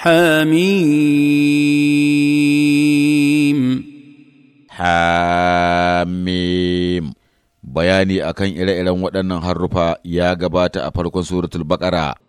حميم bayani akan ire-iren waɗannan haruffa ya gabata a farkon suratul baƙara